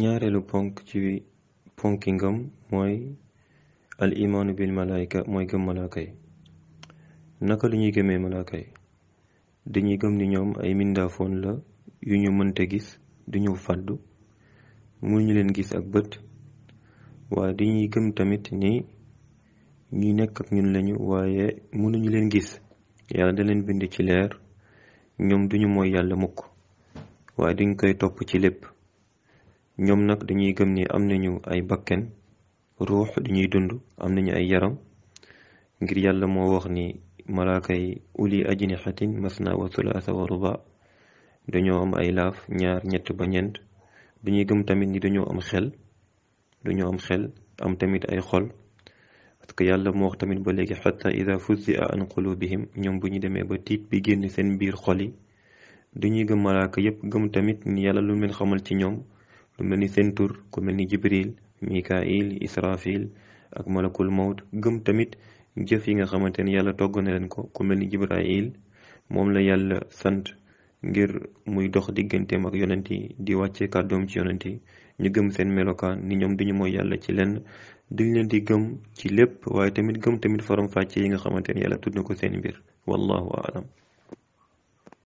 ñaareelu ponk ci ponki ngëm mooy al imaanu bil malaayka mooy gëm malaaka naka la ñuy gëmee malaaka yi dañuy gëm ni ñoom ay mindaafoon la yu ñu mënta gis duñu fàddu ñu leen gis ak bët waaye dañuy gëm tamit ni ñuy nekk ak ñun lañu waaye mënuñu leen gis yàlla daleen bind ci leer ñoom duñu mooy yàlla mukk di dañ koy topp ci lépp ñoom nag dañuy gëm ni am nañu ay bakken ruux dañuy dund am nañu ay yaram ngir yàlla moo wax ni malaaka yi uli ajnihatin masna wa sulaasa wa ruba dañoo am ay laaf ñaar ñett ba ñeent dañuy gëm tamit ni dañoo am xel dañoo am xel am tamit ay xol parce que yàlla moo wax tamit ba léegi xata ida fuzzi'a an qulubihim ñoom bu ñu demee ba tiit bi génn seen biir xol yi dañuy gëm malaaka yépp gëm tamit ni yàlla lu mel xamal ci ñoom lu mel ni seen tur ku mel ni jibril mikail israfil ak malakul mawt gëm tamit jëf yi nga xamante ne yàlla togg na leen ko ku mel ni jibrail moom la yàlla sant ngir muy dox digganteem ak yonent yi di wàcce kàddoom ci yonent yi ñu gëm seen melokaan ni ñoom duñu mooy yàlla ci lenn duñ leen di gëm ci lépp waaye tamit gëm tamit faram fàcce yi nga xamante ne yàlla tudd na ko seen mbir wallahu aalam